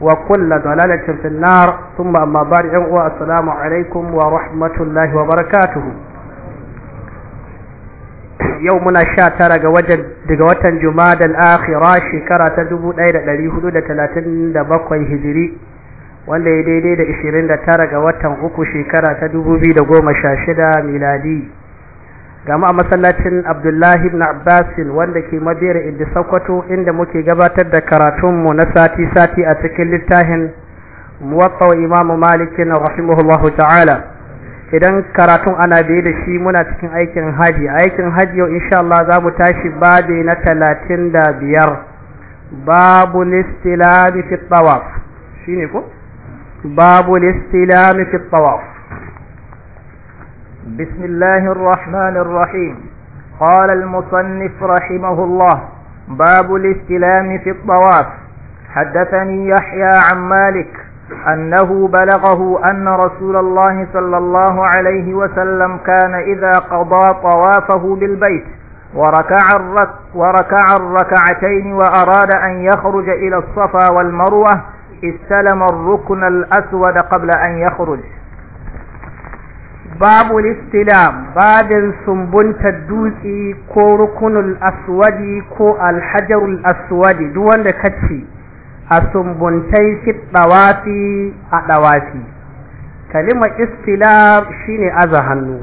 wa kulla dole da cinfinnawarsun ba amma ba da 'yan uwa asalamu alaikum wa rahmatullahi wa barkatun. yau muna sha tara daga watan juma da la'akirawa shekara ta dubu da ɗari hudu da talatin da hijiri wanda ya daidai da ishirin tara ga watan uku shekara ta dubu da goma sha shida miladi. gama a masallacin abdullahi ibn abbasin wanda ke mabera inda sokoto inda muke gabatar da karatunmu na sati-sati a cikin littafin muwatta imamu malikin rahimahullahu ta'ala idan karatun ana biye da shi muna cikin aikin haji a aikin hajji yau insha Allah za mu tashi babi na talatin da biyar babu listilami fi tawaf shine ko babu listilami fi tawaf بسم الله الرحمن الرحيم قال المصنف رحمه الله باب الاستلام في الطواف حدثني يحيى عن مالك أنه بلغه أن رسول الله صلى الله عليه وسلم كان إذا قضى طوافه بالبيت وركع, الرك وركع الركعتين وأراد أن يخرج إلى الصفا والمروة استلم الركن الأسود قبل أن يخرج babu listilam babin sumbunta dutse ko rukunul aswadi ko alhajarul aswadi duk wanda kace a sumbuntai fi dawafi a dawafi kalimar istilam shine aza hannu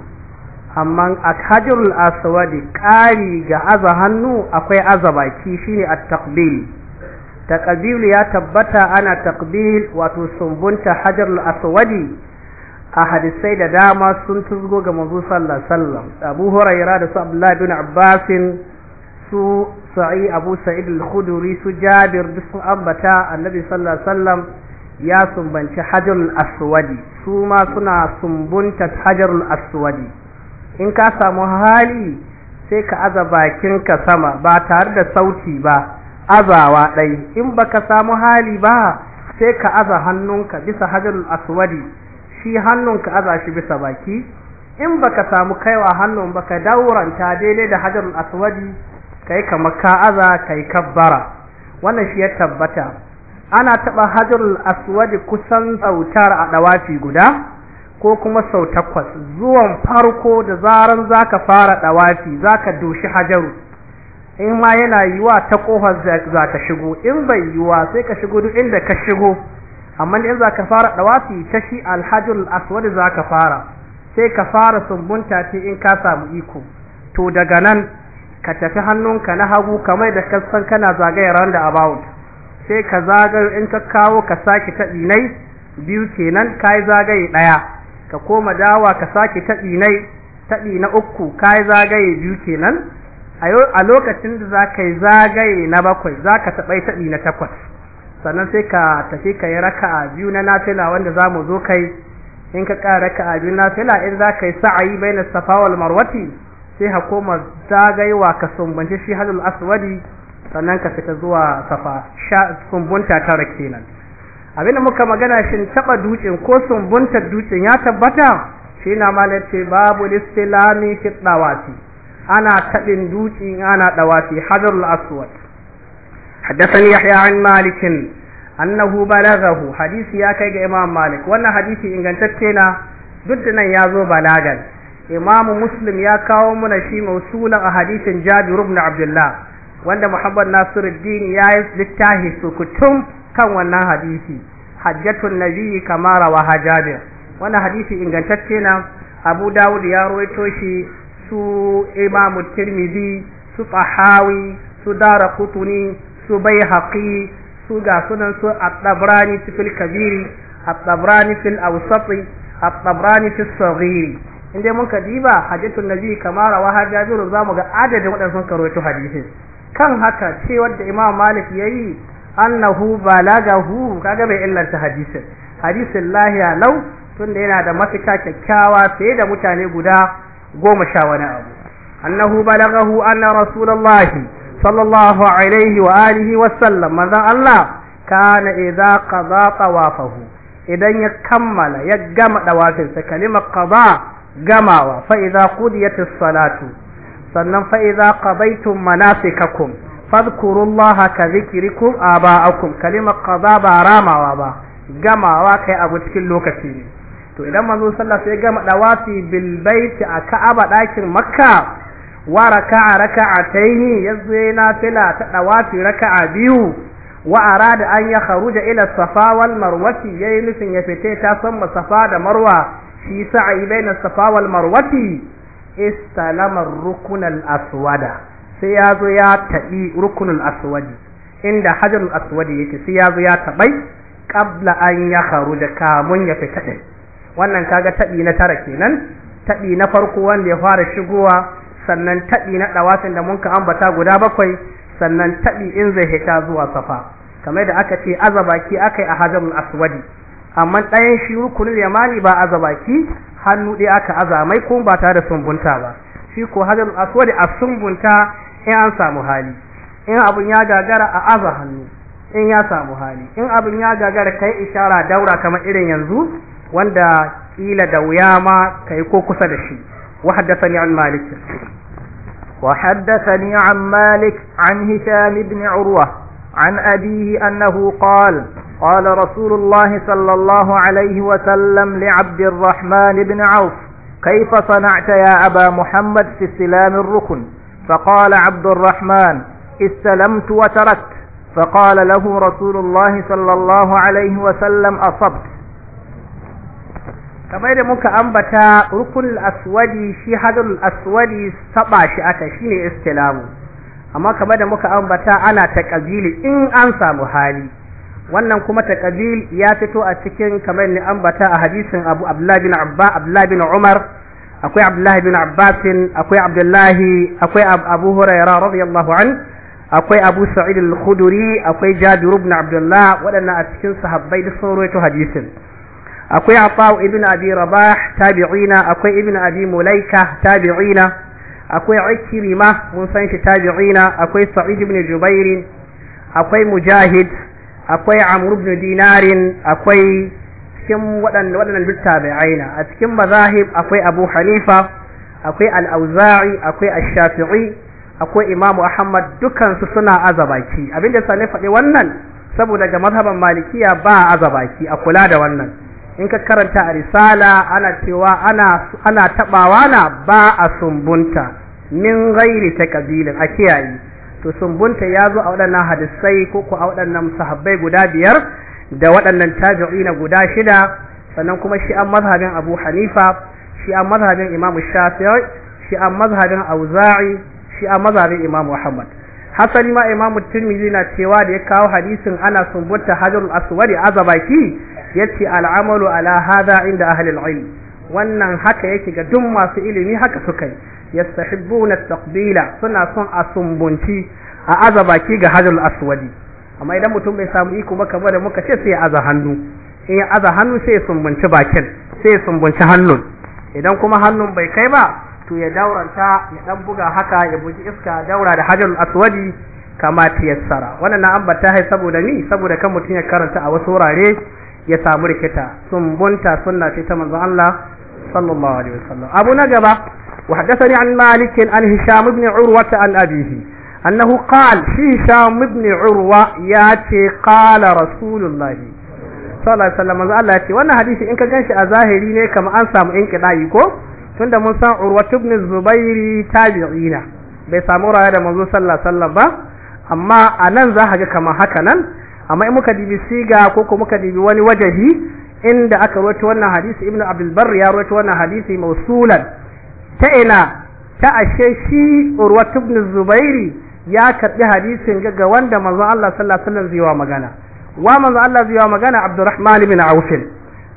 amma alhajarul aswadi ƙari ga aza hannu akwai aza baki shine at-taqbil taqbil ya tabbata ana taqbil wato sumbunta hajarul aswadi a hadisai da dama sun tuzgo ga manzo sallallahu alaihi wasallam Abu Hurairah da su Abdullah ibn Abbas su Sa'i Abu Sa'id al-Khudri su Jabir da su ambata Annabi sallallahu alaihi wasallam ya sumbanci hajar Aswadi su ma suna sumbunta hajar Aswadi in ka samu hali sai ka aza bakinka sama ba tare da sauti ba azawa ɗai in baka samu hali ba sai ka aza hannunka bisa hajar aswadi shi hannun ka aza shi bisa baki in baka samu kaiwa hannun baka dauranta daidai da hajarul aswadi kai kamar ka aza kai kabbara wannan shi ya tabbata ana taba hajarul aswadi kusan sautar a dawafi guda ko kuma sau takwas zuwan farko da zaran zaka fara dawafi zaka doshi hajaru in ma yana yiwa ta kofar za ka shigo in bai yiwa sai ka shigo duk inda ka shigo amma in za ka fara dawafi ta shi alhajjul aswad za ka fara sai ka fara sumbunta ce in ka samu iko to daga nan ka tafi hannunka na hagu kamar da ka san kana ran da about sai ka zagayo in ka kawo ka saki ta dinai biyu kenan ka yi zagaye ɗaya ka koma dawa ka sake ta dinai ta na uku ka yi zagaye biyu kenan a lokacin da za ka zagaye na bakwai za ka taɓai taɗi na takwas sannan sai ka tafi ka yi a biyu na nafila wanda za mu zo kai in ka ƙara raka'a biyu nafila in za ka yi sa'ayi bai na safa wal marwati sai ka koma zagaiwa ka sumbunci shi hajjul aswadi sannan ka fita zuwa safa sumbunta rake nan abinda muka magana shin taɓa dutsen ko sumbunta dutsen ya tabbata shi na malarci babu listilami fi ana taɓin dutsen ana ɗawafi hajjul aswadi حدثني يحيى عن مالك annahu balagahu hadisi ya kai ga imam malik wannan hadisi ingantacce na duk da nan ya zo balagan imamu muslim ya kawo muna shi mausulan a hadisin jabir ibn abdullah wanda muhammad nasiruddin ya yi littafi sukutum kan wannan hadisi hajjatun nabiyyi kamara rawa jabir wannan hadisi ingantacce na abu dawud ya rawaito shi su imamu tirmidhi su tahawi su dara kutuni su bai haƙi su ga sunan su a tsabrani fil kabiri a tsabrani fil ausati a tsabrani fil sagiri in dai mun diba hadisun nabi kamar rawa har jabiru za mu ga adadin waɗansu karoto hadisin kan haka ce wadda imam malik ya yi annahu balagahu kaga bai illanta hadisin hadisin lahiya lau tunda yana da mafita kyakkyawa fiye da mutane guda goma sha wani abu annahu balagahu anna rasulullahi sallallahu alaihi wa alihi wa sallam manzon Allah kana idza qada tawafahu idan ya kammala ya gama dawafin sa kalimar qada gamawa fa idza qudiyat salatu sannan fa idza qadaytum manasikakum fadhkurullaha ka dhikrikum aba'akum kalima qada ba ramawa ba gamawa kai abu cikin lokaci ne to idan manzo sallallahu alaihi ya gama dawafi bil bait a Ka'aba dakin Makka wa raka'a raka'ataini yazo yayi nafila ta dawati raka'a biyu wa arada an ya kharuja ila safa wal marwati yayi nufin ya fite ta san safa da marwa shi sa'i baina safa wal marwati istalama rukun al aswada sai yazo ya tabi rukun al aswadi inda hajar al aswadi yake sai yazo ya tabai qabla an ya kharuja kamun ya fita din wannan kaga tabi na tara kenan tabi na farko wanda ya fara shigowa sannan taɗi na ɗawafin da mun ka ambata guda bakwai sannan taɗi in zai hita zuwa safa kamar da aka ce azabaki aka yi a hajjamul aswadi amma ɗayan shi rukunin yamani ba azabaki hannu ɗaya aka azamai kun ba tare da sumbunta ba shi ko hajjamul aswadi a sumbunta in an samu hali in abin ya gagara a aza hannu in ya samu hali in abin ya gagara kai ishara daura kamar irin yanzu wanda kila da wuya ma kai ko kusa da shi وحدثني عن مالك وحدثني عن مالك عن هشام بن عروة عن أبيه أنه قال قال رسول الله صلى الله عليه وسلم لعبد الرحمن بن عوف كيف صنعت يا أبا محمد في استلام الركن فقال عبد الرحمن استلمت وتركت فقال له رسول الله صلى الله عليه وسلم أصبت kamar da muka ambata rukunul aswadi shi hadarul aswadi saba shi aka shine istilamu amma kamar da muka ambata ana taqabili in an samu hali wannan kuma taqabil ya fito a cikin kamar ni ambata a hadisin Abu Abdullah bin Abba Abdullah bin Umar akwai abdullahi bin Abbas akwai Abdullah akwai Abu Hurairah radiyallahu an akwai Abu Sa'id al akwai Jabir ibn Abdullah waɗannan a cikin sahabbai da sun rawaito hadisin akwai afa'u ibn abi rabah tabi'ina akwai ibn abi mulaika tabi'ina akwai ikirima mun san shi tabi'ina akwai sa'id ibn jubair akwai mujahid akwai amr ibn dinarin akwai cikin waɗannan waɗannan duk tabi'ina a cikin mazahib akwai abu hanifa akwai al-auza'i akwai ash-shafi'i akwai imam ahmad dukan su suna azabaki abinda sani faɗi wannan saboda ga mazhaban malikiya ba azabaki a kula da wannan in ka karanta a risala ana cewa ana tabawa na ba a sumbunta min ta kabilin a kiyaye to sumbunta ya zo a waɗannan hadisai ko ko a waɗannan sahabbai guda biyar da waɗannan na guda shida sannan kuma shi an mazhabin Abu Hanifa shi an mazhabin Imam Shafi'i shi an mazhabin Auza'i shi an mazhabin Imam Muhammad hasali ma Imam Tirmidhi na cewa da ya kawo hadisin ana sumbunta hajarul aswadi azabaki yace al'amalu ala hada inda ahli al-ilm wannan haka yake ga duk masu ilimi haka suka yi yastahibbuna taqbila suna son a sumbunci a aza baki ga hajjul aswadi amma idan mutum bai samu iko ba kamar da muka ce sai ya aza hannu in ya aza hannu sai ya sumbunci bakin sai ya sumbunci hannun idan kuma hannun bai kai ba to ya dauranta ya dan buga haka ya buji iska daura da hajjul aswadi kama tiyassara wannan na ambata hai saboda ni saboda kan mutum ya karanta a wasu wurare ya samu rikita sumbunta sunna ta manzon Allah sallallahu alaihi wasallam abu na gaba wa haddathani an malik an hisham ibn urwa an abihi wannan hadisi in ka ganshi a zahiri ne kamar an samu inqida'i ko tunda mun san urwa ibn tabi'ina bai samu raya da manzo sallallahu alaihi wasallam ba amma anan za ka ga kamar haka nan amma in muka dibi siga ko ko muka dibi wani wajahi inda aka rawaito wannan hadisi ibnu abdul barr ya rawaito wannan hadisi mausulan ta ina ta ashe shi urwat ibn zubairi ya karbi hadisin ga wanda manzo Allah sallallahu alaihi wasallam zai magana wa manzo Allah zai magana abdurrahman ibn auf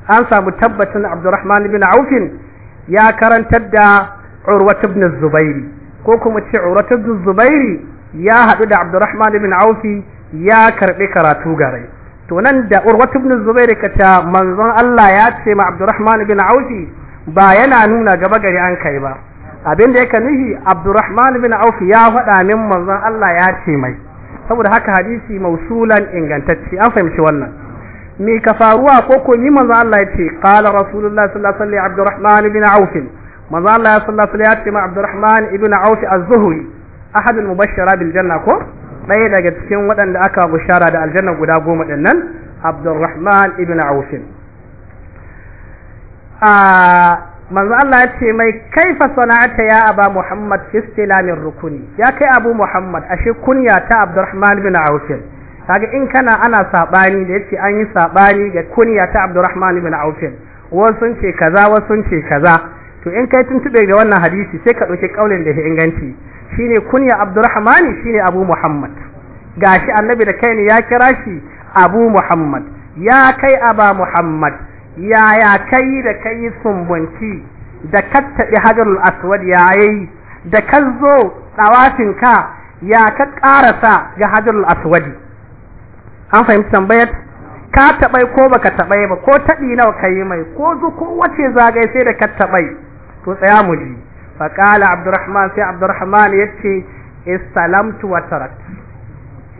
an samu tabbatin abdurrahman ibn auf ya karantar da urwat ibn zubairi ko kuma ce urwat ibn zubairi ya haɗu da abdurrahman ibn auf ya karbi karatu gare to nan da urwat ibn zubair kata manzon Allah ya ce ma abdurrahman bin aufi ba yana nuna gaba gari an kai ba abin da yake nuhi abdurrahman bin aufi ya faɗa min manzon Allah ya ce mai saboda haka hadisi mausulan ingantacce an fahimci wannan me ka faruwa ko ko ni manzon Allah ya ce qala rasulullah sallallahu alaihi abdurrahman bin auf manzon Allah sallallahu alaihi ya ce ma abdurrahman ibn auf az-zuhri ahad al-mubashshara bil janna ko ɗaya daga cikin waɗanda aka bushara da aljanna guda goma ɗin nan abdurrahman ibn aufin manzo Allah ya ce mai kaifa sana'ata ya aba muhammad fi istilamin rukuni ya kai abu muhammad ashe kunya ta abdurrahman ibn aufin kaga in kana ana saɓani da yace an yi sabani ga kunya ta abdurrahman ibn aufin wasu sun ce kaza wasu sun ce kaza to in kai tuntube da wannan hadisi sai ka ɗauki kaulin da ya inganci shine kunya Abdurrahman shine Abu Muhammad shi annabi da kai ne ya kira shi Abu Muhammad ya kai Aba Muhammad ya ya kai da kai sumbunci da kattabi hajarul aswad ya yi da kazo tsawafin ka ya ka karasa ga hajarul aswad an fahimci tambayar ka taɓai ko baka tabai ba ko taɗi nawa kai mai ko zu ko wace zagaye sai da ka ko to tsaya mu ji فقال عبد الرحمن سي عبد الرحمن يتي استلمت وتركت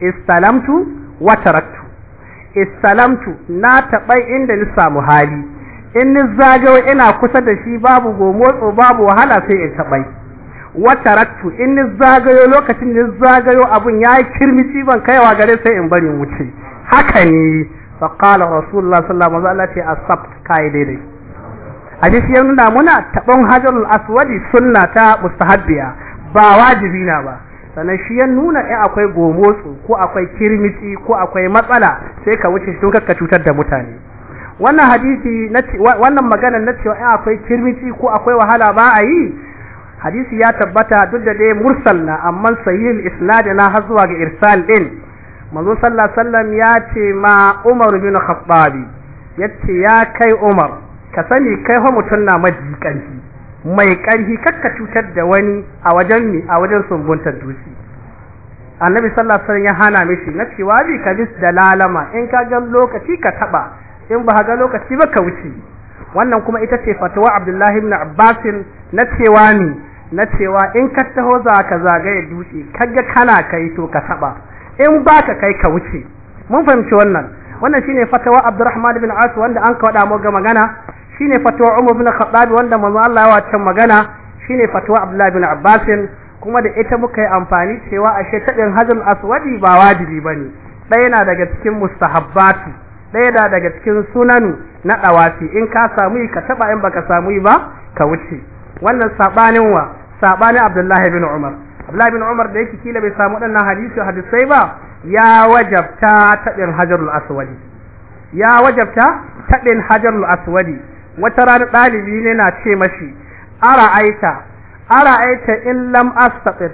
استلمت وتركت استلمت نا تبي inda ni samu hali in ni zagawa ina kusa da shi babu gomotso babu wahala sai in tabai wataraktu in ni zagayo lokacin ni zagayo abun yi kirmici ban kaiwa gare sai in bari wuce haka ne fa qala rasulullah sallallahu alaihi wasallam asabta kai daidai hadisi ya nuna muna taɓon hajar aswadi sunna ta mustahabbiya ba wajibi na ba sannan shi ya nuna in akwai gomotsu ko akwai kirmiti ko akwai matsala sai ka wuce shi ka cutar da mutane wannan hadisi na wannan magana na cewa in akwai kirmiti ko akwai wahala ba a yi hadisi ya tabbata duk da dai mursal na amma sahihul isnad na har zuwa ga irsal din manzo sallallahu alaihi wasallam ya ce ma Umar bin Khattabi yace ya kai Umar ka sani kai fa mutum na maji ƙarfi mai ƙarfi kakka cutar da wani a wajen ni a wajen sumbuntar dushi annabi sallallahu alaihi wasallam ya hana mishi na cewa bi ka bis da lalama in ka ga lokaci ka taba in ba ga lokaci ba ka wuce wannan kuma ita ce fatawa abdullahi ibn abbas na cewa ni na cewa in ka taho za ka zagaye dutse kaga kana kai to ka taba in ba ka kai ka wuce mun fahimci wannan wannan shine fatawa Abdurrahman bin as wanda an kawada mu ga magana shine fatawa Umar bin Khattab wanda manzo Allah ya wace magana shine fatawa Abdullah bin Abbas kuma da ita muka yi amfani cewa ashe tadin hazal aswadi ba wajibi bane ɗaya na daga cikin mustahabbatu ɗaya na daga cikin sunan na dawasi in ka samu ka taba in baka samu yi ba ka wuce wannan sabanin wa sabanin Abdullah bin Umar Abdullah bin Umar da yake kila bai samu waɗannan hadisi hadisai ba ya wajabta taɓin hajarul aswadi ya wajabta taɓin hajarul aswadi wata rana ɗalibi ne na ce mashi ara aita ara aita in lam astaqit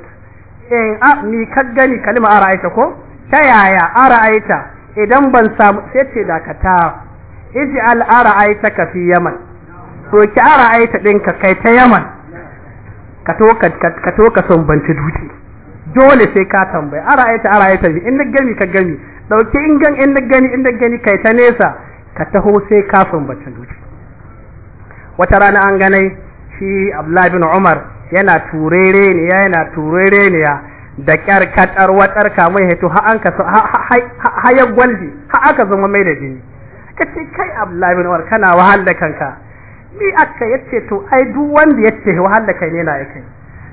in a ni ka gani kalma ara aita ko ta yaya ara aita idan ban samu sai ce dakata iji al ara aita ka fi yaman to ki ara aita ɗinka kai ta yaman ka to ka to ka son banci dutse. dole sai ka tambaye ita ara ita in gani ka gani dauke in gan in gani in gani kai ta nesa ka taho sai ka sambata dole wata rana an ganai shi Abdullahi bin Umar yana turere ne ya yana turere ne ya da kyar katar watar kamar hito ha an ka ha ya gwalji ha aka zama mai da jini kace kai Abdullahi bin Umar kana wahal da kanka ni aka yace to ai duk wanda yace wahal da kai ne na yake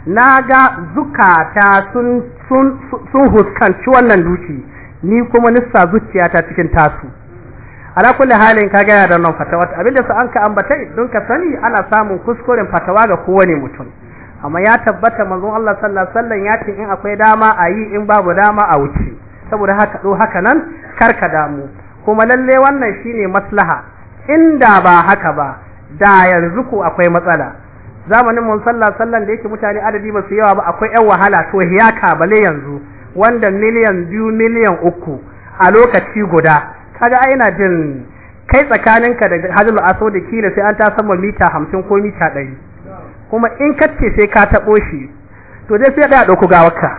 na ga zukata sun sun huskanci wannan duki, ni kuma zuciya zuciyata cikin tasu ala kulle halin ka gaya da nan fatawa da su an ka ambata don ka sani ana samun kuskuren fatawa ga kowane mutum amma ya tabbata manzon Allah sallallahu alaihi wasallam ya ce in akwai dama a yi in babu dama a wuce saboda haka do haka nan karka damu kuma lalle wannan shine maslaha inda ba haka ba da yanzu ko akwai matsala zamanin mun sallah sallan da yake mutane adadi ba su yawa ba akwai yan wahala to ya bale yanzu wanda miliyan biyu miliyan uku a lokaci guda kaga ai ina jin kai tsakanin ka da hajjul aso da kila sai an ta sama mita hamsin ko mita ɗari kuma in kace sai ka taɓo shi to dai sai ka ɗauko gawarka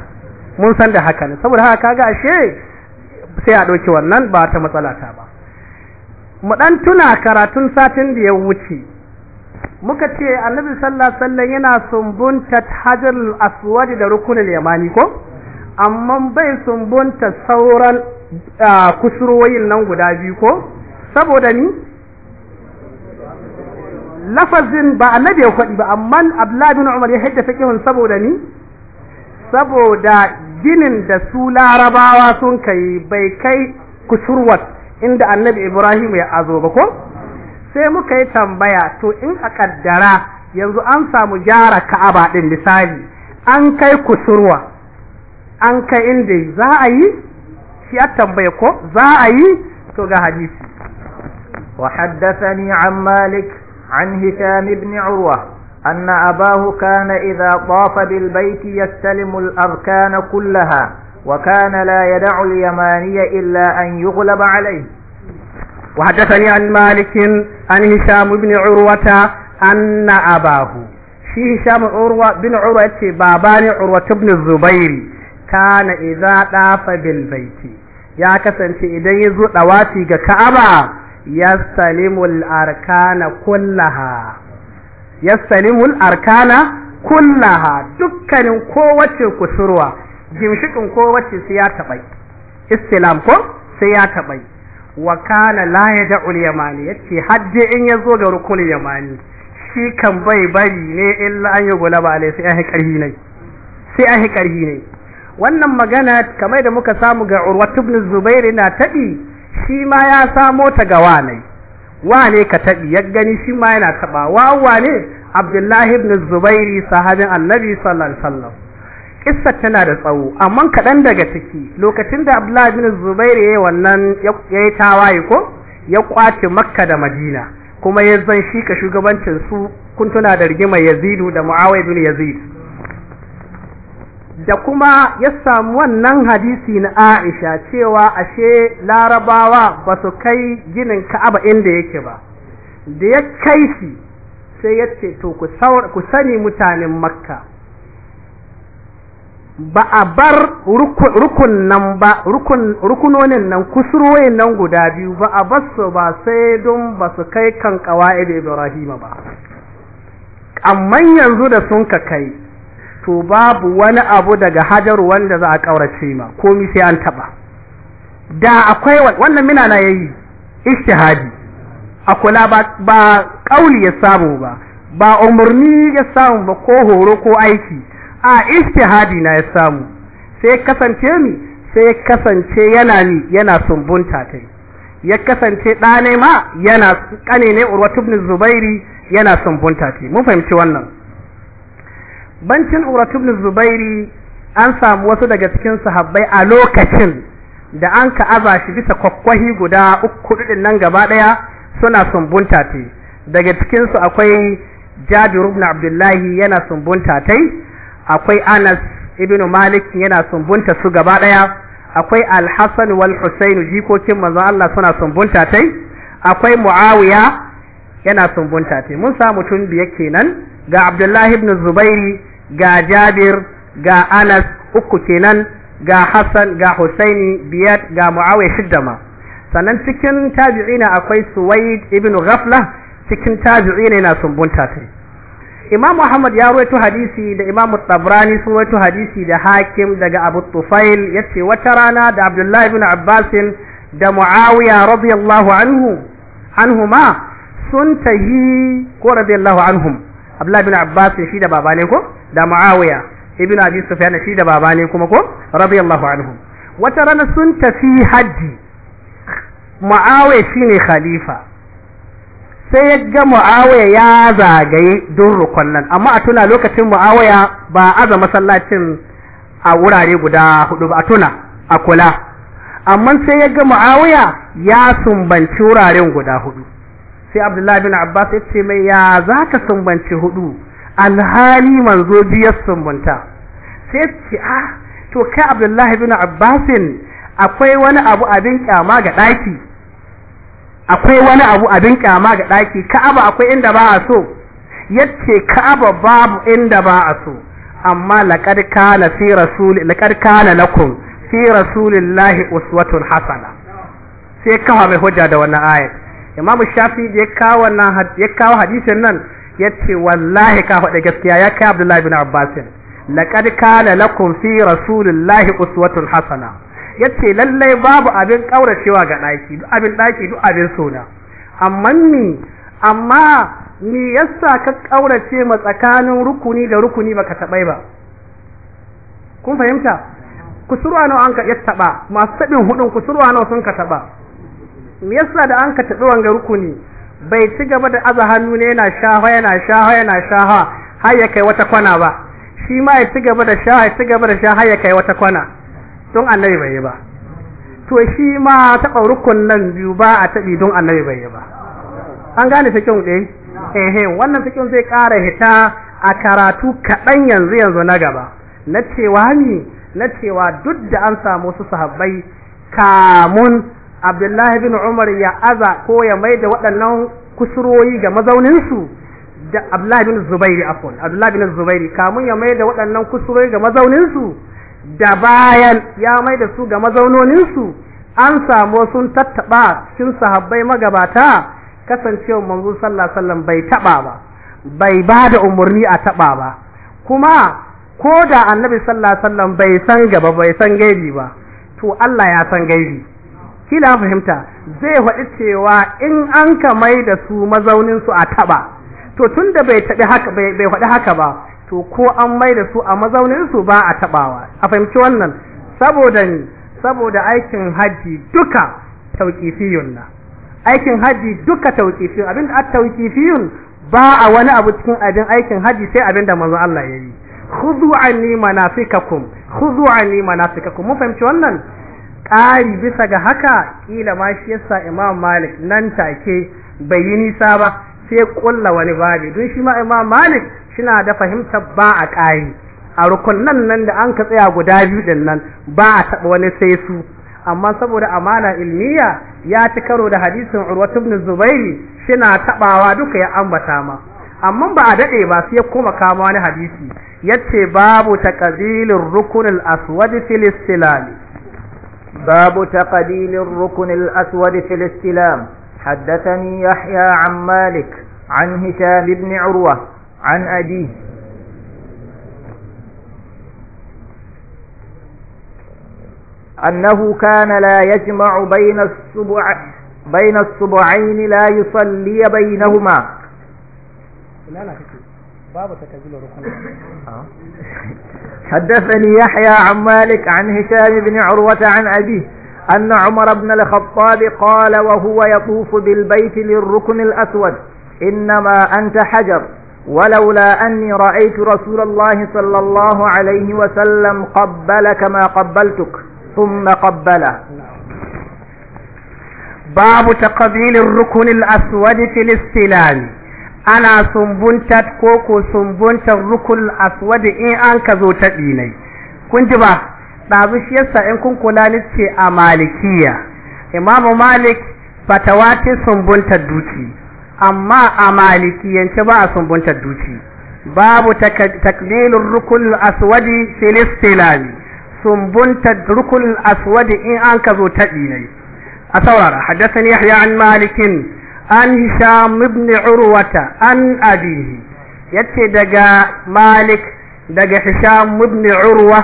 mun san da haka ne saboda haka kaga ashe sai a ɗauki wannan ba ta matsala ta ba mu ɗan tuna karatun satin da ya wuce muka ce annabi sallallahu alaihi yana sumbunta hajar aswad da rukunin yamani ko amma bai sumbunta sauran kusurwoyin nan guda biyu ko saboda ni lafazin ba annabi ya kwaɗi ba amma abdullahi bin umar ya haddasa kihun saboda ni saboda ginin da su larabawa sun kai bai kai kusurwat inda annabi ibrahim ya azo ba ko sai muka yi tambaya to in a kaddara yanzu an samu jara ka'aba din misali an kai kusurwa an kai inda za a yi shi a tambaya ko za a yi to ga hadisi wa haddathani an malik an hisham ibn urwa أن أباه كان إذا طاف بالبيت يستلم الأركان كلها وكان لا يدع اليماني إلا أن يغلب عليه وحدثني عن مالك an hisham ibn urwata anna abahu shi hisham urwa bin urwa yace babani urwa ibn zubair kana idza dafa bil ya kasance idan ya zo ga ka'aba yastalimul arkana kullaha yastalimul kullaha dukkanin kowace kusurwa jimshikin kowace sai ya taɓai istilam ko sai ya taɓai wa kana la ya al-yamani ce hajji in ya zo ga rukun yamani shi kan bai bari ne illa an yi ba alai sai karhi ne sai ai karhi ne wannan magana kamar da muka samu ga Urwa ibn Zubairu na tabi shi ma ya samo ta ga wane wane ka tabi ya gani shi ma yana taba wa wane Abdullahi ibn Zubairu sahabin Annabi sallallahu kissa tana da tsawo amma kaɗan daga ciki lokacin da abdullahi bin zubair yayin wannan ya yi tawaye ko ya kwace makka da madina kuma ya zan shi ka shugabancin su kun tuna da rigima yazidu da mu'awai bin yazid da kuma ya samu wannan hadisi na aisha cewa ashe larabawa ba su kai ginin ka'aba inda yake ba da ya kai shi sai ya ce to ku sani mutanen makka ba a bar rukun ba rukunonin nan kusurwai nan guda biyu ba a basu ba sai don ba su kai kan kawai da ibrahima ba amma yanzu da sun ka kai to babu wani abu daga hajar wanda za a kaurace ma komi sai an taba da akwai wannan mina na yayi ishtihadi a kula ba ba kauli ya samu ba ba umurni ya samu ba ko horo ko aiki a istihadi na ya samu sai kasance mi sai kasance yana ni yana sumbunta ta ya kasance ɗane ma yana kane ne urwatu zubairi yana sumbunta ta mun fahimci wannan bancin urwatu ibn zubairi an samu wasu daga cikin sahabbai a lokacin da an ka aza shi bisa kwakwahi guda uku ɗin nan gaba ɗaya suna sumbunta ta daga cikinsu akwai jabiru ibn abdullahi yana sumbunta tai akwai Anas ibn Malik yana sumbunta su gaba daya akwai Al-Hasan wal Husain jikokin manzo Allah suna sumbunta tai akwai Muawiya yana sumbunta tai mun samu tun biye kenan ga Abdullah ibn Zubairi ga Jabir ga Anas uku kenan ga Hassan ga Husaini biyar ga Muawiya shiddama sannan cikin tabi'ina akwai Suwaid ibn Ghafla cikin tabi'ina yana sumbunta tai Imam Muhammad ya rawaito hadisi da Imam Tabrani sun rawaito hadisi da Hakim daga Abu Tufail yace wata rana da Abdullah ibn Abbas da Muawiya radiyallahu anhu anhuma sun tahi ko radiyallahu anhum Abdullah ibn Abbas shi da baba ne ko da Muawiya ibn Abi Sufyan shi da baba ne kuma ko radiyallahu anhum wata rana sun tafi haji Muawiya shine khalifa sai ya ga mu'awaya ya zagaye don rukon nan amma a tuna lokacin mu'awaya ba aza masallacin a wurare guda hudu ba a tuna a kula amma sai ya ga mu'awaya ya sumbanci wuraren guda hudu sai abdullahi bin abbas ya ce mai ya za ka sumbanci hudu alhali manzo biyar sumbanta sai ce a ah, to kai abdullahi bin abbasin akwai wani abu abin kyama ga ɗaki akwai wani abu abin kyama ga ɗaki ka'aba akwai inda ba a so yace ka'aba babu inda ba a so amma laqad kana fi rasul laqad kana lakum fi rasulillahi uswatun hasana sai kawo mai hujja da wannan ayat imam shafi ya kawo wannan ya kawo hadisin nan yace wallahi ka faɗa gaskiya ya kai abdullahi bin abbas laqad kana lakum fi rasulillahi uswatun hasana yace lallai babu abin kauracewa ga daki duk abin daki duk abin sona amma ni amma ni yasa ka kaurace ma tsakanin rukuni da rukuni baka tabai ba kun fahimta kusurwa nawa an ka yattaba masu tabin hudun kusurwa nawa sun ka taba me yasa da an ka tabi wanga rukuni bai ci gaba da aza hannu ne yana shaha yana shaha yana shaha har ya kai wata kwana ba shi ma ya ci gaba da shaha ya ci gaba da shaha har ya kai wata kwana don annabi bai yi ba to shi ma ta rukun nan biyu ba a taɓi don annabi bai yi ba an gane fikin ɗai ehe wannan fikin zai ƙara hita a karatu kaɗan yanzu yanzu na gaba na cewa ni na cewa duk da an samu su sahabbai kamun abdullahi bin umar ya aza ko ya mai da waɗannan kusuroyi ga mazauninsu da abdullahi bin zubairi afon abdullahi bin zubairi kamun ya mai da waɗannan kusuroyi ga mazauninsu da bayan ya mai da su ga mazaunoninsu an samu sun tattaɓa cikin sahabbai magabata kasancewa manzo sallallahu alaihi bai taɓa ba bai ba da umarni a taɓa ba kuma ko da annabi sallallahu alaihi wasallam bai san gaba bai san gaibi ba to Allah ya san gaibi kila fahimta zai faɗi cewa in an ka mai da su mazauninsu a taɓa to tunda bai taɓi haka bai faɗi haka ba to ko an mai da su a mazaunin su ba a tabawa a fahimci wannan saboda ni saboda aikin haji duka tauqifiyun na aikin haji duka tauqifiyun abinda at tauqifiyun ba a wani abu cikin abin aikin haji sai abinda manzo Allah yayi khudhu anni manasikakum khudhu anni manasikakum mun fahimci wannan kari bisa ga haka kila ma shi yasa Imam Malik nan take bai yi nisa ba sai kulla wani babi don shi ma Imam Malik shina da fahimtar ba a ƙari a rukunan nan da an ka tsaya guda biyu din nan ba a taɓa wani sai su amma saboda amana ilmiya ya ci karo da hadisin Urwatu ibn Zubairi shina taɓawa duka ya ambata ma amma ba a daɗe ba sai ya koma kama wani hadisi yace babu taqdilur rukunil aswad fil istilal babu taqdilir rukunil aswad fil istilam حدثني يحيى عن مالك عن هشام بن عن أبيه أنه كان لا يجمع بين السبع بين السبعين لا يصلي بينهما آه. حدثني يحيى عن مالك عن هشام بن عروة عن أبيه أن عمر بن الخطاب قال وهو يطوف بالبيت للركن الأسود إنما أنت حجر ولولا أني رأيت رسول الله صلى الله عليه وسلم قبلك ما قبلتك ثم قبله باب تقبيل الركن الأسود في الاستلام أنا سنبنت كوكو سنبنت الركن الأسود إن أنك ذو تأليني كنت با نعبش يسا إن كن كلانتي أمالكية إمام مالك فتواتي سنبنت الدوتي amma a malikiyance ba a sumbuntar duci babu takmilin rukun aswadi filistilami sumbuntar rukun aswadi in an ka zo taɗi ne a saurara haddasa yahya an malikin an hisham ibn urwata an abihi yace daga malik daga hisham ibn urwa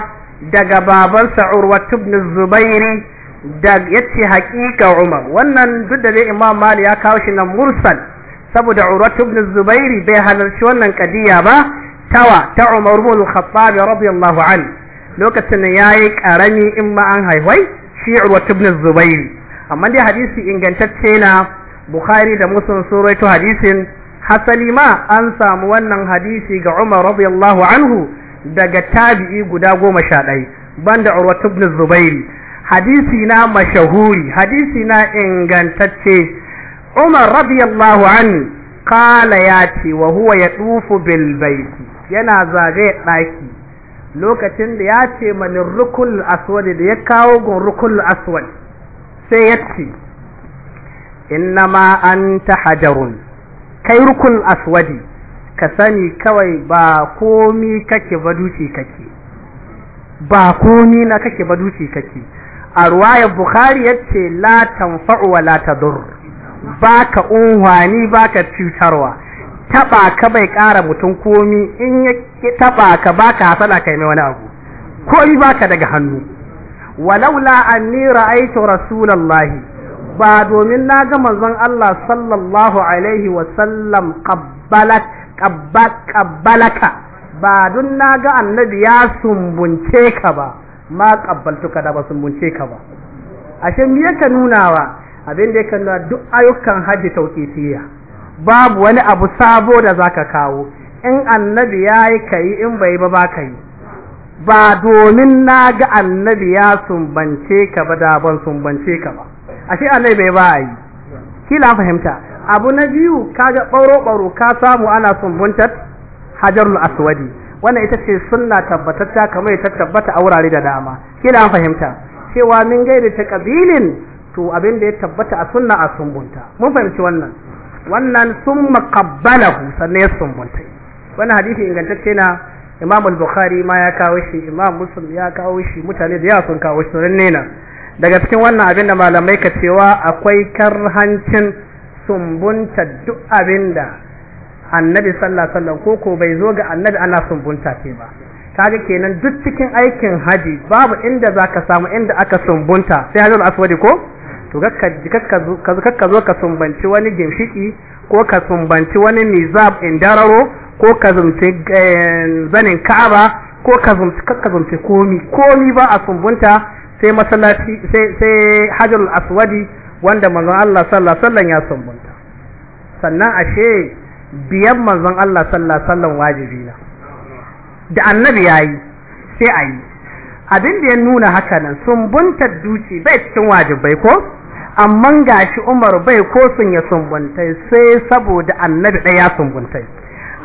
daga babansa urwa ibn zubairi da yace haƙiƙa umar wannan duk da dai imam mali ya kawo shi nan mursal saboda urwatu ibn zubairi bai halarci wannan kadiya ba tawa ta umar ibn khattab radiyallahu an lokacin yayi karami in ma an haihuwai shi urwatu ibn zubairi amma dai hadisi ingantacce na bukhari da muslim sun rawaito hadisin hasali ma an samu wannan hadisi ga umar radiyallahu anhu daga tabi'i guda goma sha ɗaya banda urwatu ibn zubairi hadisi na mashahuri hadisi na ingantacce Umar radiyallahu an kala ya ce wa huwa ya ɗufa bil baiti yana zage ɗaki lokacin da ya ce mani rukul aswad da ya kawo gun rukul aswad sai ya ce ma anta hajarun kai rukul aswadi ka sani kawai ba komi kake ba duci kake ba komi na kake ba duci kake a ruwayar bukhari yace la tanfa'u wa la tadur baka unhwani baka cutarwa taba ka bai kara mutum komi in ya taba ka baka hasala kai mai wani abu komi baka daga hannu walaula anni ra'aytu rasulallahi ba domin na ga manzon Allah sallallahu alaihi wa sallam qabbalaka ba dun na ga annabi ya sumbunce ka ba ma qabbaltuka da ba sumbunce ka ba ashe me yake nunawa abin da ya duk ayyukan hajji tauqifiyya babu wani abu sabo da zaka kawo in annabi yayi kai in bai ba ba yi, ba domin na ga annabi ya sumbance ka ba da ban sumbance ka ba ashe annabi bai ba yi kila fahimta abu na biyu kaga baro baro ka samu ana sumbuntar hajarul aswadi wannan ita ce sunna ta kamar ita tabbata a wurare da dama kila fahimta cewa min gaida ta kabilin to abin da ya tabbata a sunna a sumbunta mun fahimci wannan wannan sun makabbalahu sannan ya sumbunta wannan hadisi ingantacce na imam al-bukhari ma ya kawo shi imam muslim ya kawo shi mutane da yawa sun kawo shi sunan nena daga cikin wannan abin da malamai ka cewa akwai karhancin sumbunta duk abin da annabi sallallahu alaihi wasallam ko ko bai zo ga annabi ana sumbunta ce ba kaga kenan duk cikin aikin haji babu inda zaka samu inda aka sumbunta sai hajjul aswadi ko to ka zo ka sumbanci wani ginshiki ko ka sumbanci wani nizab in dararo ko ka zumci eh, zanin ka'aba ko ka zumci kakka zumci komi komi ba a sumbunta sai masallaci sai sai aswadi wanda manzon Allah sallallahu alaihi wasallam ya sumbunta sannan ashe biyan manzon Allah sallallahu alaihi wasallam wajibi na da annabi yayi sai ayi abin da ya nuna haka nan sumbuntar duci bai cikin wajibai ko amma gashi Umar bai ko sun ya sumbuntai sai saboda annabi ɗaya sumbuntai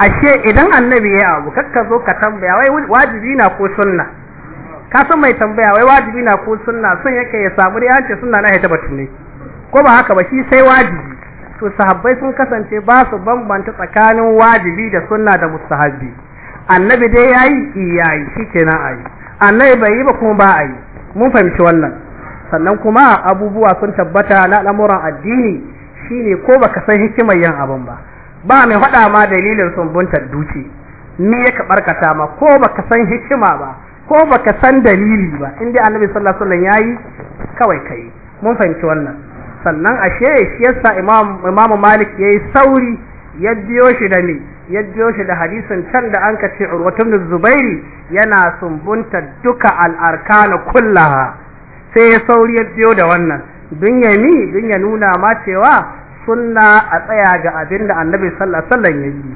ashe idan annabi ya abu kakka zo ka tambaya wai wajibi na ko sunna ka san mai tambaya wai wajibi na ko sunna sun yake ya samu ya ce sunna na hita batu ne ko ba haka ba shi sai wajibi to sahabbai sun kasance ba su bambanta tsakanin wajibi da sunna da mustahabi annabi dai yayi iyayi shikenan ayi annabi bai yi ba kuma ba ayi mun fahimci wannan sannan kuma abubuwa sun tabbata na al'amuran addini shine ko baka san hikimar yin abin ba ba mai faɗa ma dalilin sumbuntar duci me ya barkata ma ko baka san hikima ba ko baka san dalili ba inda annabi sallallahu alaihi wasallam yayi kawai kai mun fahimci wannan sannan ashe shi yasa imam imam malik yayi sauri ya biyo shi da me ya biyo shi da hadisin can da an ka ce urwatun zubairi yana sumbunta duka al-arkana kullaha sai ya sauri ya biyo da wannan dun ya ni dun ya nuna ma cewa sunna a tsaya ga abinda annabi sallallahu alaihi wasallam ya yi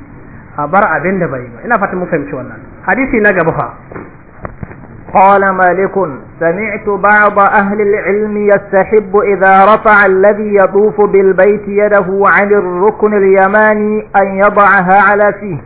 a bar abinda bai ba ina fata mu fahimci wannan hadisi na gaba fa قال مالك سمعت بعض أهل العلم يستحب إذا رفع الذي يطوف بالبيت يده عن الركن اليماني أن يضعها على فيه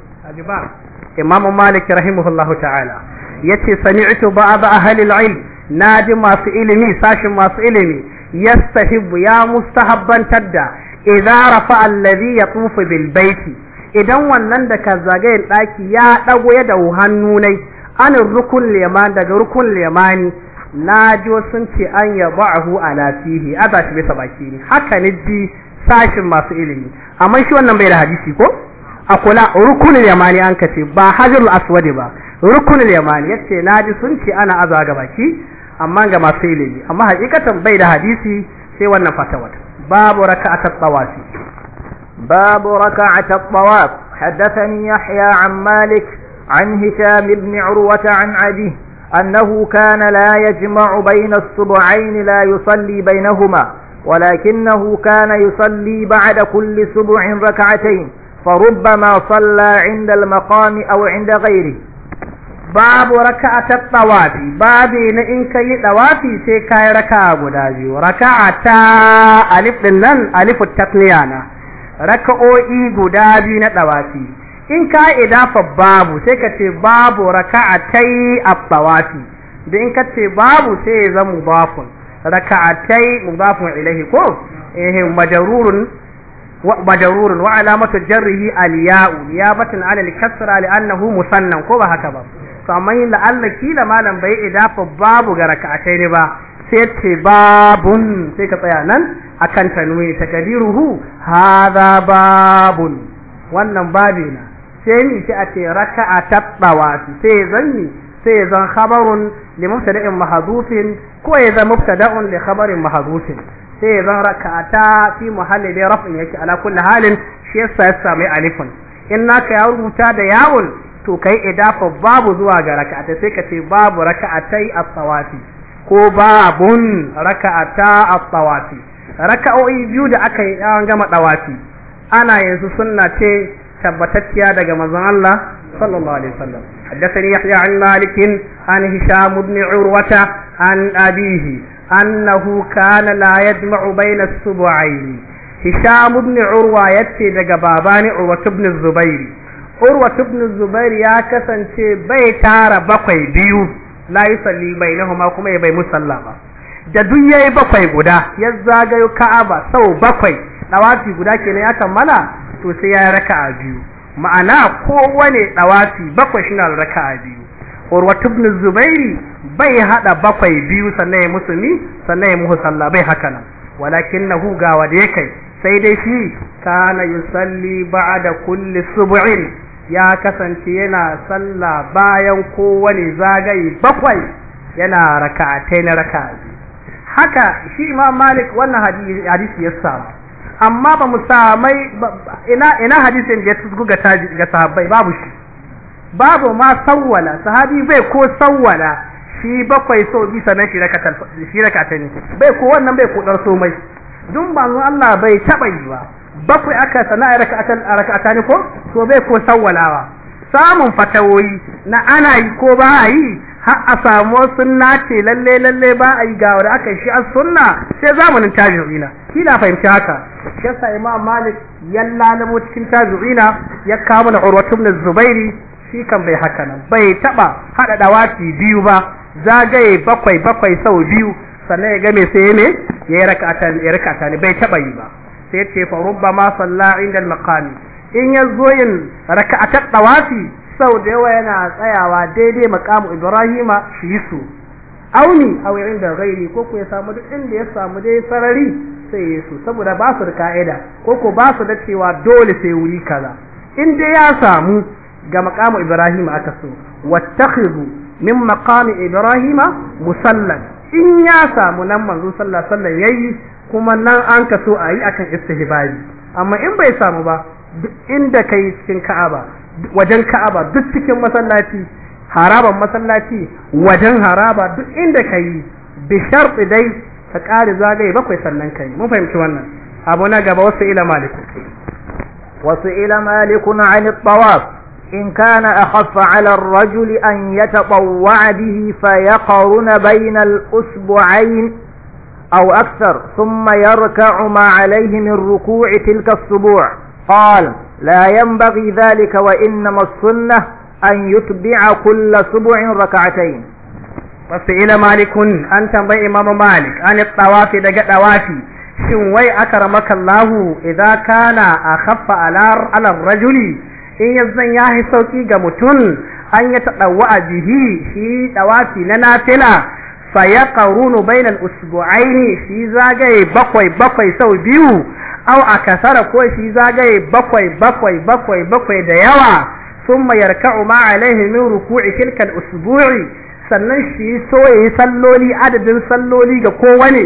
إمام مالك رحمه الله تعالى يتي سمعت بعض أهل العلم na ji masu ilimi sashin masu ilimi yastahibu ya mustahabbantar da idza rafa allazi yatufu bil baiti idan wannan da ka zagaye daki ya dago ya da hannu nai an rukun liman daga rukun limani na ji sun ce an yabahu ala fihi aza shi bisa baki ne haka ne ji sashin masu ilimi amma shi wannan bai da hadisi ko a kula rukunin yamani an kace ba hajarul aswadi ba rukun limani yace naji sun ce ana azaga baki amma ga masu ilimi amma hakikatan bai da hadisi sai wannan fatawar babu raka'atat tawafi babu raka'atat tawaf haddathani yahya an malik an hisham ibn urwata an abi أنه كان لا يجمع بين السبعين لا يصلي بينهما ولكنه كان يصلي بعد كل سبع ركعتين فربما صلى عند المقام أو عند غيره babu raka'atat tawafi babi na in kai ɗawafi sai ka yi raka'a guda biyu ta alif din nan alifu tasniya na raka'o'i guda biyu na ɗawafi in ka yi idafa babu sai ka ce babu yi a tawafi da in ka ce babu sai ya zama a raka'atai mudafun ilaihi ko eh majrurun ومجرور وعلامة جره الياء نيابة عن الكسرة ko مثنى كما هكذا sama yin la'alla kila malam bai idafa babu ga raka'atai ne ba sai ce babun sai ka tsaya nan akan tanwi takadiruhu hadha babun wannan babi na sai ni sai a ce raka'atat tawafi sai zanni sai zan khabarun li mubtada'in mahdhufin ko ya zan mubtada'un li khabarin mahdhufin sai zan raka'ata fi muhalli da rafin yake ala kulli halin shi yasa ya sami alifun in naka ya rubuta da yawon to kai idafa babu zuwa ga raka'atai sai ka ce babu raka'atai as sawati ko babun raka'ata as-sawafi raka'o'i biyu da aka yi an gama dawati ana yanzu sunna ce tabbatacciya daga manzon Allah sallallahu alaihi wasallam حدثني يحيى عن مالك عن هشام بن عروة عن أبيه أنه كان لا يجمع بين السبعين هشام بن عروة يتي دقى عروة بن الزبير urwa ibn zubair ya kasance bai tara bakwai biyu la yusalli bainahuma kuma ya bai musalla ba da duk yayi bakwai guda ya zagayo ka'aba sau bakwai dawafi guda kenan ya kammala to sai ya raka'a biyu ma'ana ko wane dawafi bakwai shi na raka'a biyu urwa ibn Zubairu bai haɗa bakwai biyu sannan ya musulmi sannan ya musalla bai haka nan walakinahu ga sai dai shi kana yusalli ba'da kulli sub'in ya kasance yana sallah bayan kowane zagaye bakwai yana raka'atai na raka'a haka shi imam malik wannan hadisi ya samu amma ba mu samai ina ina hadisin da ya ga ga sahabbai babu shi babu ma sawwala sahabi bai ko sawwala shi bakwai so bi sanan shi raka'atan shi ne bai ko wannan bai ko dar so mai dun manzo Allah bai taba yi ba bakwai aka sana a raka'ata ne ko to bai ko sawwalawa samun fatawoyi na ana yi ko ba a yi har a samu sunna ce lalle lalle ba a yi gawar aka aka shi a sunna sai zamanin shi kila fahimci haka shi yasa imam malik ya lalamo cikin tajirina ya kawo mana urwatu na zubairi shi kan bai haka nan bai taba haɗa dawaki biyu ba zagaye bakwai bakwai sau biyu sannan ya game sai ne ya yi raka'ata ne bai taba yi ba sai ce fa ma salla inda al-maqami in zo yin raka'atat tawafi sau da yawa yana tsayawa daidai maqamu ibrahima shi su auni a wurin da gairi ko ko ya samu duk inda ya samu dai sarari sai ya su saboda ba su da ka'ida ko ku ba su da cewa dole sai wuri kaza in dai ya samu ga maqamu ibrahima aka so wattakhidhu min maqami ibrahima musallan in ya samu nan manzo sallallahu alaihi wasallam yayi kuma nan an ka so a yi akan istihbabi amma in bai samu ba duk inda yi cikin ka'aba wajen ka'aba duk cikin masallaci haraban masallaci wajen haraba duk inda kai bi sharti dai ka kare zagaye bakwai sannan yi, mun fahimci wannan abu na gaba wasu ila maliku. wasu ila malik an tawaf إن كان أخف على الرجل أن يتطوع به فيقرن بين الأسبوعين أو أكثر ثم يركع ما عليه من ركوع تلك الصبوع قال لا ينبغي ذلك وإنما السنة أن يتبع كل صبع ركعتين فسئل مالك أنت ما إمام مالك أن الطواف لك دوافي وي أكرمك الله إذا كان أخف على الرجل إن يزن ياهي صوتي جمتن أن يتطوأ به في دوافي لنا فلا fa yaqarunu bainal usbu'aini shi zagaye bakwai bakwai sau biyu aw akasara ko shi zagaye bakwai bakwai bakwai bakwai da yawa thumma yarka'u ma alaihi min ruku'i tilka usbu'i sannan shi so yayi salloli adadin salloli ga kowane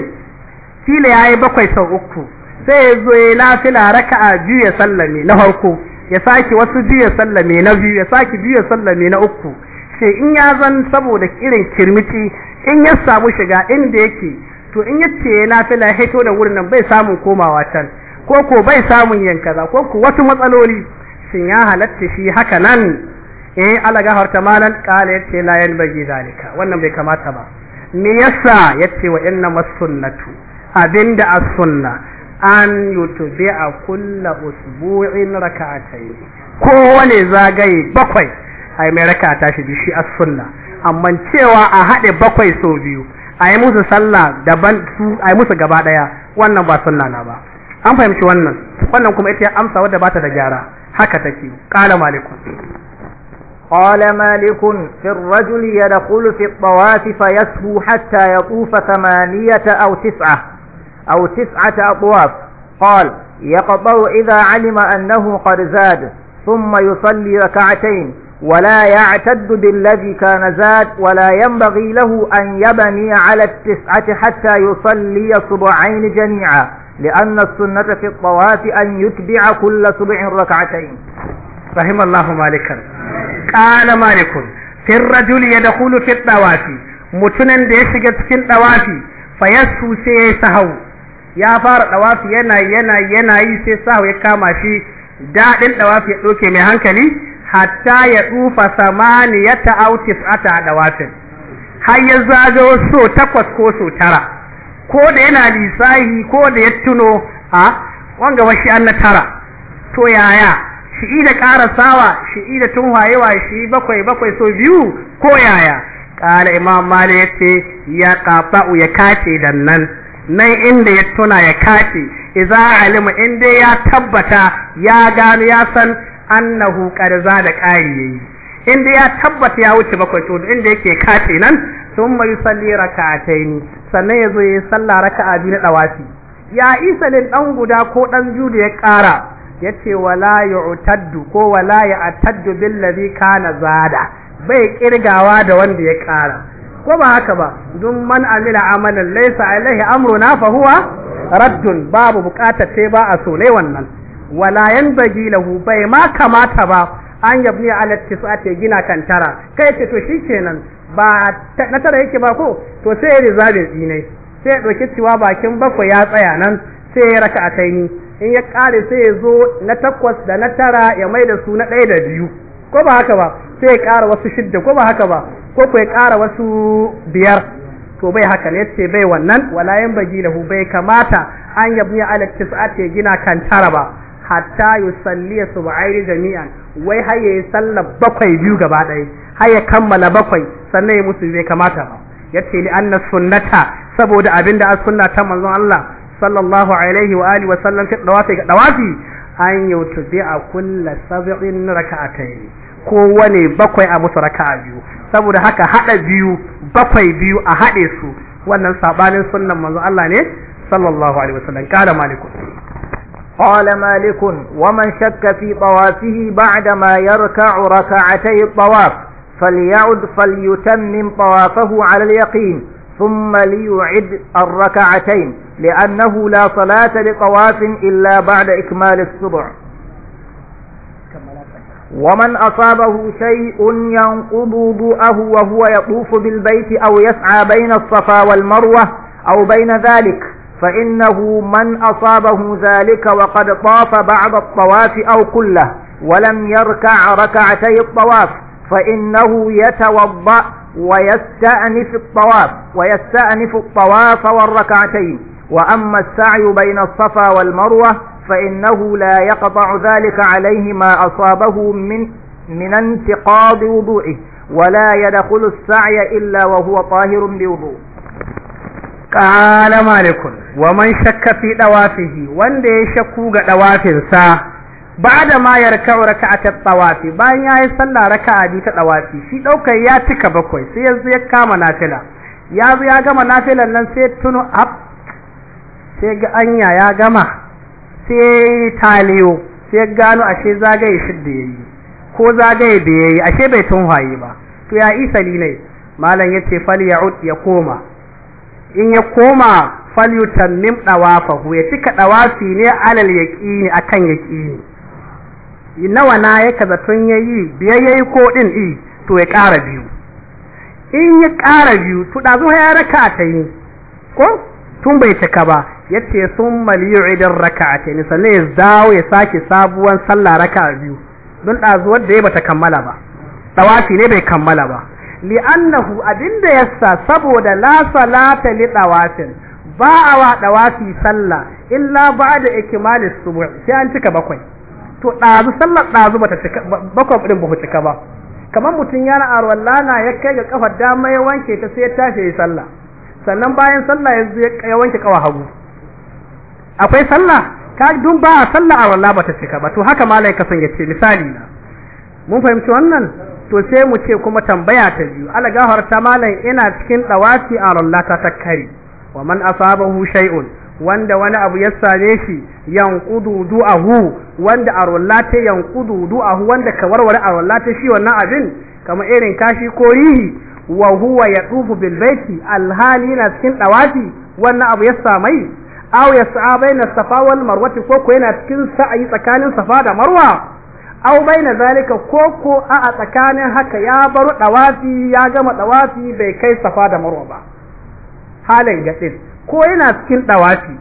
kila yayi bakwai sau uku sai ya zo ya lafila raka'a biyu ya sallame na farko ya sake wasu biyu ya sallame na biyu ya sake biyu ya sallame na uku sai in ya zan saboda irin kirmici in ya samu shiga inda yake to in ya ce la hito da wurin nan bai samun komawa can ko ko bai samun yankaza ko ko wasu matsaloli shin ya halatta shi haka nan eh alaga harta malan kala yace la yan bagi zalika wannan bai kamata ba me yasa yace wa inna masunnatu abinda as-sunna an a kulla usbu'in ko kowane zagaye bakwai ai mai raka ta shi shi as-sunna amma cewa a hade bakwai so biyu ayi musu sallah daban su ayi musu gaba daya wannan ba sunna na ba an fahimci wannan wannan kuma ita amsa wadda ba ta da gyara haka take qala malikun قال مالك في الرجل يدخل في الطواف فيسهو حتى يطوف ثمانية أو تسعة أو تسعة أطواف قال يقطع إذا علم أنه قد زاد ثم يصلي ركعتين ولا يعتد بالذي كان زاد ولا ينبغي له أن يبني على التسعة حتى يصلي صبعين جميعا لأن السنة في الطواف أن يتبع كل صبع ركعتين رحم الله مالكا قال مالك في الرجل يدخل في الطواف mutunan da ya shiga cikin ɗawafi fa ya sai ya sahau ya fara ɗawafi yana yana yana yi sai sahau ya kama shi daɗin ɗawafi ya ɗauke mai hankali hatta ya tsufa samaniyata aw tis'ata dawatin har ya zagayo so takwas ko so tara ko da yana lisahi ko da ya tuno a wanga washi an na tara to yaya shi da sawa shi da wayewa shi bakwai bakwai so biyu ko yaya ƙara imam malik yace ya kafa'u ya kace dan nan nan inda ya tuna ya kace idza alima in dai ya tabbata ya gano ya san annahu qarza da qari yayi inda ya tabbata ya wuce bakwai to inda yake kace nan thumma yusalli rak'atayn sannan yazo yayi sallah raka biyu na dawafi ya isa lin dan guda ko dan da ya ƙara yace wala yu'taddu ko wala ya'taddu bil ladhi kana zada bai kirgawa da wanda ya ƙara ko ba haka ba dun man amila amalan laysa alaihi amruna fa huwa raddun babu bukata sai ba a so ne wannan wala yan bagi lahu bai ma kamata ba an yabni ala tis'ati gina kan tara kai ce to shikenan ba na tara yake ba ko to sai ya rizabe dinai sai ya dauki cewa bakin bakwai ya tsaya nan sai ya raka ataini in ya kare sai ya zo na takwas da na tara ya mai da su na ɗaya da biyu ko ba haka ba sai ya kara wasu shidda ko ba haka ba ko ko ya kara wasu biyar to bai haka ne ce bai wannan wala yan bagi lahu bai kamata an yabni ala tis'ati gina kan tara ba hatta yusalliya sub'airi jami'an wai har yayi sallar bakwai biyu gaba ɗaya har ya kammala bakwai sannan ya musu bai kamata ba yace li anna sunnata saboda abinda a sunna ta manzon Allah sallallahu alaihi wa alihi wa sallam ta dawafi ga dawafi an bi a kulla sab'in raka'atayn ko wane bakwai a musu raka'a biyu saboda haka hada biyu bakwai biyu a hade su wannan sabanin sunnan manzon Allah ne sallallahu alaihi wa sallam kala malikun قال مالك ومن شك في طوافه بعدما يركع ركعتي الطواف فليعد فليتمم طوافه على اليقين ثم ليعد الركعتين لأنه لا صلاة لطواف إلا بعد إكمال السبع ومن أصابه شيء ينقض وضوءه وهو يطوف بالبيت أو يسعى بين الصفا والمروة أو بين ذلك فإنه من أصابه ذلك وقد طاف بعد الطواف أو كله ولم يركع ركعتي الطواف فإنه يتوضأ ويستأنف الطواف ويستأنف الطواف والركعتين وأما السعي بين الصفا والمروة فإنه لا يقطع ذلك عليه ما أصابه من من انتقاض وضوئه ولا يدخل السعي إلا وهو طاهر بوضوء qala malikun wa man shakka fi dawafihi wanda ya shakku ga dawafin sa ba'da ma raka'a raka'atat tawafi bayan yayi sallah raka'a bi ta dawafi shi daukar ya cika bakwai sai yanzu ya kama nafila ya zo ya gama nafilan nan sai tuno ab sai ga anya ya gama sai taliyo sai gano ashe zagaye shidda yayi ko zagaye da yayi ashe bai tun waye ba to ya isa ne malam yace fal ya'ud ya koma in ya koma falyutammim hu ya cika dawafi ne alal yaqini akan yaqini nawa na ya kaza tun yayi ya yayi ko din i to ya ƙara biyu in ya ƙara biyu to da zo ya raka ta yi ko tun bai cika ba yace sun maliyu idan raka'ata sannan ya dawo ya sake sabuwan sallah raka biyu don da da ya bata kammala ba dawafi ne bai kammala ba li'annahu abinda yasa saboda la salata li dawafin ba a wa dawafi sallah illa ba'da ikmalis subuh sai an cika bakwai to dazu sallar dazu bata cika bakwai din ba cika ba kamar mutun ya na na ya kai ga kafar dama ya wanke ta sai ya tashi ya sallah sannan bayan sallah ya zo ya wanke kawa hagu akwai sallah ka dun ba a sallah arwalla bata cika ba to haka malai kasan yace misali na mun fahimci wannan to sai mu ce kuma tambaya ta biyu algahar ta malam ina cikin dawaki a ta takkari wa man asabahu shay'un wanda wani abu ya same shi yanqudu du'ahu wanda a rallata yanqudu du'ahu wanda ka warware a rallata shi wannan abin kamar irin kashi ko rihi wa huwa yadufu bil baiti alhali na cikin dawaki wannan abu ya samai aw yas'a baina safa wal marwa ko ko yana cikin sa'ayi tsakanin safa da marwa au na zalika ko ko a a tsakanin haka ya baro dawafi ya gama dawafi bai kai safa da marwa ba halin gatsin ko yana cikin dawafi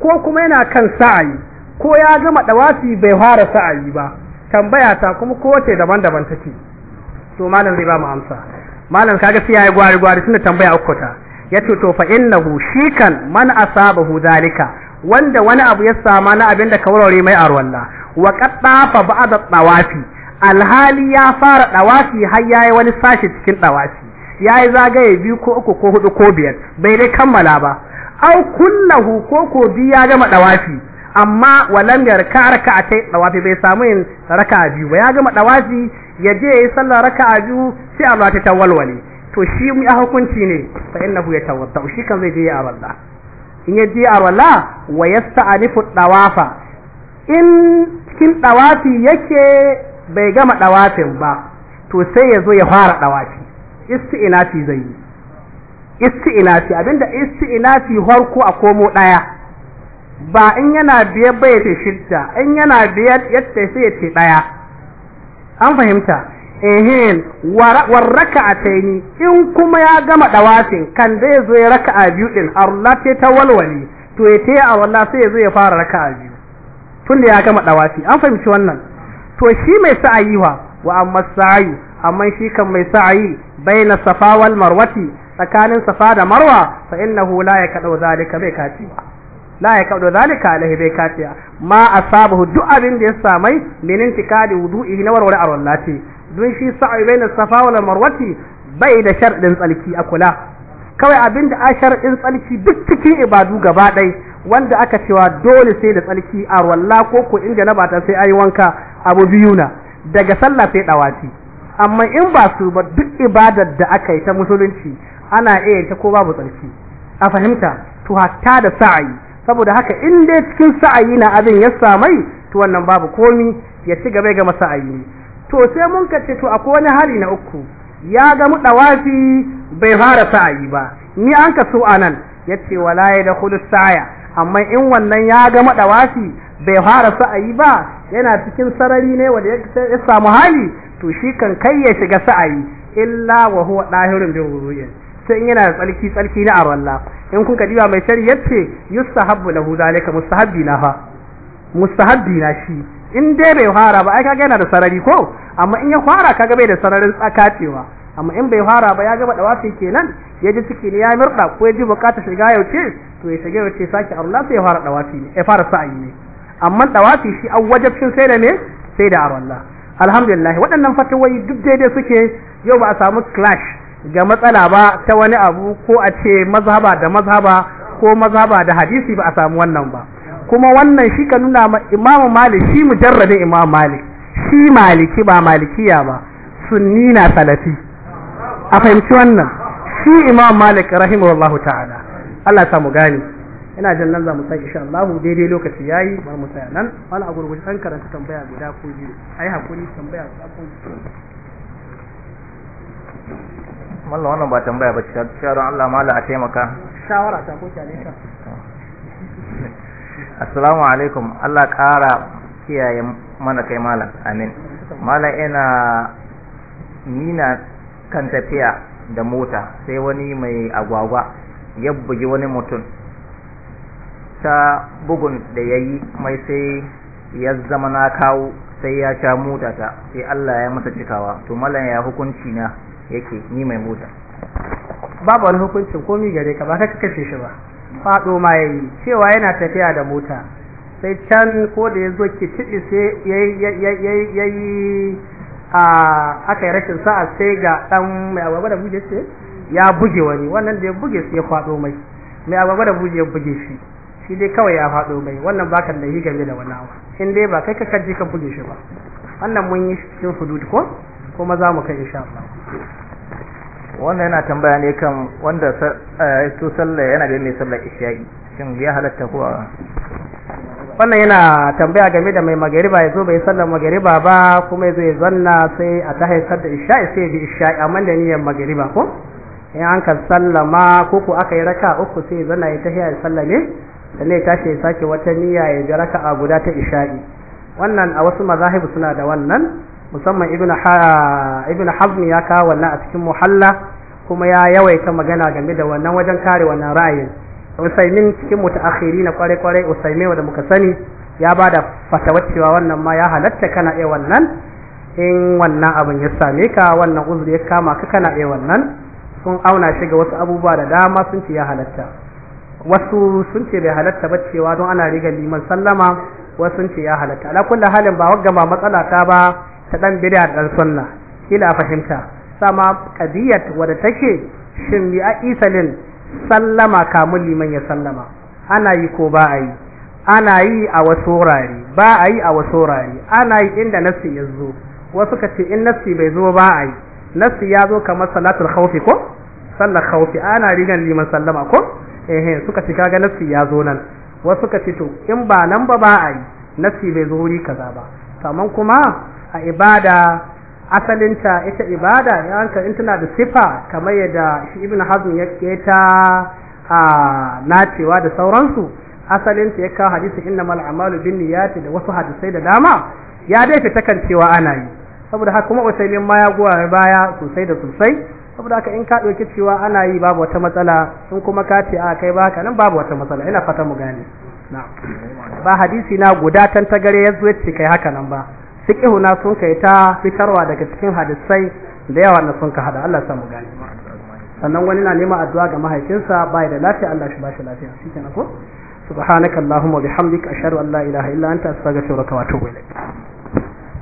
ko kuma yana kan sa'ayi ko ya gama dawafi bai fara sa'ayi ba tambaya ta kuma ko wace daban-daban take to malam zai ba mu amsa malam kaga sai yayi gwari gwari tunda tambaya uku ta yace to fa innahu shikan man asabahu zalika wanda wani abu ya sama na abin da kawarware mai arwalla wa qaddafa ba'da tawafi alhali ya fara dawafi har yayi wani sashi cikin ya yayi zagaye biyu ko uku ko hudu ko biyar bai dai kammala ba au kullahu ko ko biyu ya gama dawafi amma walam ya raka a ta dawafi bai samu yin raka biyu ba ya gama dawafi ya je yayi sallar raka biyu sai Allah ta walwale to shi mu ya hukunci ne fa innahu yatawadda shi kan zai je ya arwalla in ya je arwalla wa yasta'anifu dawafa in cikin ɗawafi yake bai gama ɗawafin ba to sai ya zo ya fara ɗawafi isti'inafi zai yi isti'inafi abinda isti'inafi harko a komo ɗaya ba in yana biyar bai ce shidda in yana biyar yadda sai ya ce ɗaya an fahimta ehin warraka a taini in kuma ya gama ɗawafin kan zai zo ya raka a biyu ɗin a ta walwale to ya ta yi a wallah sai ya zo ya fara raka a biyu tunda ya gama dawafi an fahimci wannan to shi mai sa'ayi wa wa amma sa'ayi amma shi kan mai sa'ayi baina safa wal marwati tsakanin safa da marwa fa innahu la yakadu zalika bai kaci ba la yakadu zalika alaihi bai kaci ma asabahu duk abin da ya samai min intikadi wudu'i na warware arwallati dun shi sa'ayi baina safa wal marwati bai da sharɗin tsalki a kula kawai abin da a sharɗin tsalki duk cikin ibadu gaba ɗaya wanda aka cewa dole sai da tsarki a walla ko ko inda na bata sai ayi wanka abu biyu na daga sallah sai dawati amma in ba su ba duk ibadar da aka yi ta musulunci ana iya ta ko babu tsarki a fahimta to hatta da sa'ayi saboda haka in dai cikin sa'ayi na abin ya samai to wannan babu komi ya ci gaba ga sa'ayi to sai mun kace to akwai wani hali na uku ya ga mu dawati bai fara sa'ayi ba ni an ka so anan yace wala ya da khulus sa'ya amma in wannan ya ga madawasi bai fara sa'ayi ba yana cikin sarari ne wanda ya samu hali to shi kan kai ya shiga sa'ayi illa wa huwa dahirun bi sai in yana tsalki tsalki na arwalla in kun kadiba mai shari yace yustahabbu lahu zalika mustahabbi na fa mustahabbi na shi in dai bai fara ba ai kaga yana da sarari ko amma in ya fara kaga bai da sararin tsakacewa amma in bai fara ba ya gaba da wafi kenan ya ji ciki ne ya murda ko ya ji bukatar shiga wuce to ya shiga yauce sake arwala sai ya fara dawafi ne ya fara sa'ayi ne amma dawafi shi an wajabcin sai da ne sai da Allah alhamdulillah waɗannan fatawai duk daidai suke yau ba a samu clash ga matsala ba ta wani abu ko a ce mazhaba da mazhaba ko mazhaba da hadisi ba a samu wannan ba kuma wannan shi ka nuna ma imamu malik shi mujarradin imamu malik shi maliki ba malikiya ba sunni na salafi a fahimci wannan shi imam malik rahimahullahu ta'ala Allah ta mu gani ina jin nan za mu sake insha Allah daidai lokaci yayi bar mu tsaya nan wani a gurgurje san karanta tambaya guda ko biyu ai hakuri tambaya guda ko biyu mallan wannan ba tambaya ba shawara Allah mala a taimaka shawara ta ko kyale ka assalamu alaikum Allah ƙara kiyaye mana kai malam amin malam ina nina kan tafiya da mota sai wani mai agwagwa ya bugi wani mutum ta bugun da ya yi mai sai ya zama na kawo sai ya sha mota ta sai Allah ya masa cikawa to malam ya hukunci na yake ni mai mota babu wani hukuncin komi gare ka ba ka kashe shi ba fado ma yayi cewa yana tafiya da mota sai can ko da ya zo ki tiɗi sai ya yi a aka yi rashin sa'a sai ga dan mai agwagwa da buje ce ya buge wani wannan da ya buge su ya faɗo mai mai agwagwa da buje ya buge shi shi dai kawai ya faɗo mai wannan baka da yi game da wani awa in dai ba kai ka kaji ka buge shi ba wannan mun yi cikin hudud ko kuma za mu kai insha Allah wannan yana tambaya ne kan wanda to eh, sallah yana da mai sallar isha'i shin ya halatta ko wannan yana tambaya game da mai magariba ya zo bai sallar magariba ba kuma ya zo ya zanna sai a ta haifar da isha'i sai bi isha'i amma da niyyar magariba ko in an kan sallama ko ko aka yi raka uku sai ya zanna ya haifar ya ne sannan ya tashi ya sake wata niyya ya ga raka a guda ta isha'i wannan a wasu mazahibu suna da wannan musamman ibn ibn ya kawo wannan a cikin muhalla kuma ya yawaita magana game da wannan wajen kare wannan ra'ayin usaimin cikin mutaakhiri na kware kware usaimin wanda muka sani ya ba da fatawar cewa wannan ma ya halatta kana iya wannan in wannan abin ya same ka wannan uzuri ya kama ka kana iya wannan sun auna shi ga wasu abubuwa da dama sun ce ya halatta wasu sun ce bai halatta ba cewa don ana riga liman sallama wasu sun ce ya halatta ala kulli halin ba wagga ba matsala ta ba ta dan bid'a dan sunna kila fahimta sama kadiyat wadda take shin bi a isalin sallama kamun liman ya sallama ana yi ko ba a yi ana yi a wasu wurare ba a yi a wasu wurare ana yi inda nassi ya zo wasu ka ce in nassi bai zo ba a yi nassi ya zo kamar salatul khawfi ko sallar khawfi ana rigan liman sallama ko eh suka ce kaga nassi ya zo nan wasu ka ce to in ba nan ba ba a yi nassi bai zo wuri kaza ba kamar kuma a ibada asalinta ita ibada ya hankali in tana da sifa kamar yadda shi ibn hazm ya keta a nacewa da sauransu asalinta ya kawo hadisi mal a'malu binniyati da wasu hadisai da dama ya dai fita kan cewa ana yi saboda haka kuma usaimin ma ya goya baya sosai da sosai saboda haka in ka ɗauki cewa ana yi babu wata matsala in kuma ka ce a kai ba haka nan babu wata matsala ina fata mu gane ba hadisi na guda tan gare ya zo ce kai haka nan ba fiqhu na sun kai ta fitarwa daga cikin hadisai da yawa na sun ka hada Allah samu gani sannan wani na neman addu'a ga mahaifinsa bai da lafiya Allah shi ba shi lafiya shikenan ko allahumma bihamdika ashhadu an la ilaha illa anta astaghfiruka wa atubu ilaik